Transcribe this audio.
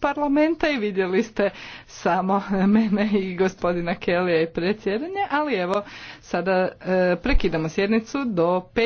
parlamenta i vidjeli ste samo mene i gospodina Kellya i predsjedanje, ali evo sada e, prekidamo sjednicu do pet